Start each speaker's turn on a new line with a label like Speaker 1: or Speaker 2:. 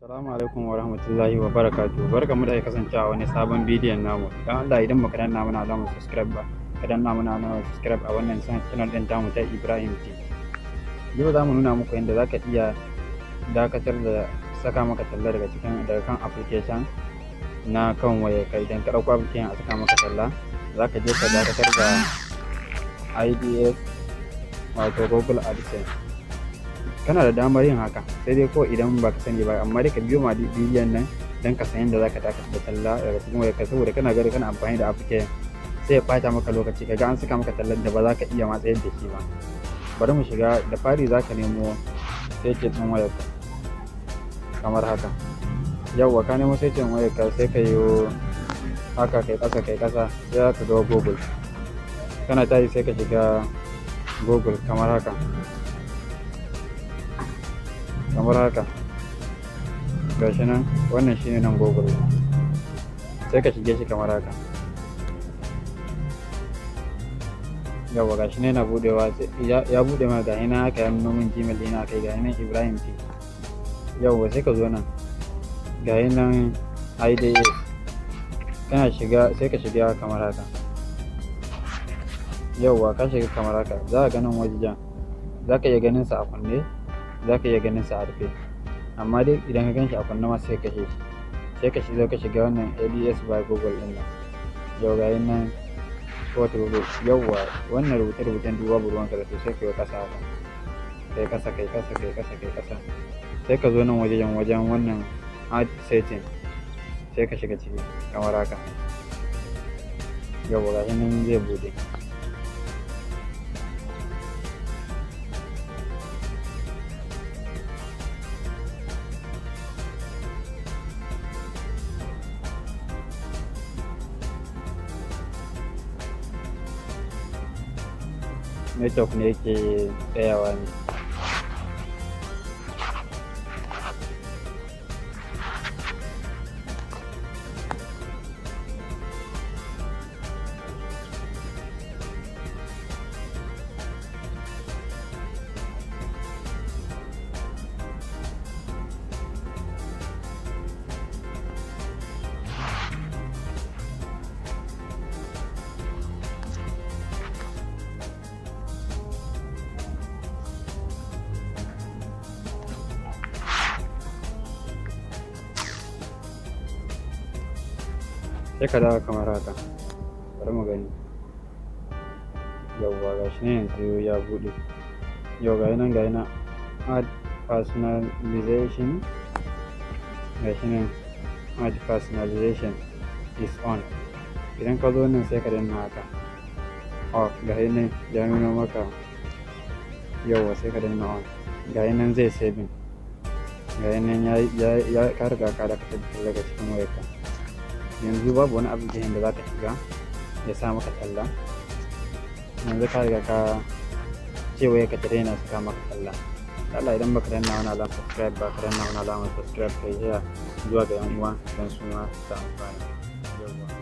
Speaker 1: Assalamu alaikum wa rahmatullahi wa barakatuhu barka mu da kasancewa wani sabon bidiyon namu don Allah idan baka danna muna alamar subscribe ba ka danna alamar subscribe a wannan channel din tamu ta Ibrahim TV yau za mu nuna muku yadda za ka iya dakatar da saka maka talla daga cikin daga kan application na kan waya ka idan ka dauko application a saka maka talla za ka je ka dakatar da IDS wato google adsense kana da damar yin haka sai dai ko idan ba ka sani ba amma dai ka biyo ma bidiyon nan don ka san yadda za ka taka da talla daga cikin wayar ka saboda kana gari kana amfani da afrika sai ya ɓata maka lokaci kaga an saka maka tallan da ba za ka iya matsa yadda shi ba bari mu shiga da fari za ka nemo setin ɗin wayar ka kamar haka yawwa ka nemo setin wayar ka sai ka yi haka kai ƙasa kai ƙasa sai za ka ga google kana tai sai ka shiga google kamar haka kamar haka gashi nan wannan ne nan google sai ka shige shi kamar haka yawa gashi ne na budewa ya bude ma gashi na haka ya nuna min gmail dina kai gashi nan ibrahim t yawa sai ka zo nan gashi nan ida kana shiga sai ka shiga kamar haka yauwa ka shiga kamar haka za ka ganin wajen za ka iya ganin sa a kunne za ka iya ganin sa a rufe amma dai idan ka gan shi a kunne ma sai ka shi sai ka shi zo ka shiga wannan ads by google din nan yau ga yin nan wata yauwa wannan rubuta rubutan duba buruwan ka da to sai ka yi kasa haka kai kasa kai kasa kai kasa kai kasa sai ka zo nan wajen wajen wannan ad setting sai ka shiga ciki kamar haka yau ga nan zai bude network ne yake tsayawa ne sai ka dawo kamar haka bari mu gani yauwa ga shi ne yanzu ya buɗe yau ga nan ga nan add personalization ga shi ne add personalization is on idan ka zo nan sai ka danna haka off ga nan ya nuna maka yauwa sai ka danna on ga nan zai saving ga nan ya ka riga ka da ka daga cikin wayarka yanzu babu wani jihin da za ka shiga ya sa maka talla yanzu ka riga ka ce waya ka tare su kama ka talla Allah idan baka danna wani alamar subscribe ba ka danna wani alamar subscribe yi zuwa ga yan uwa don su ma su amfani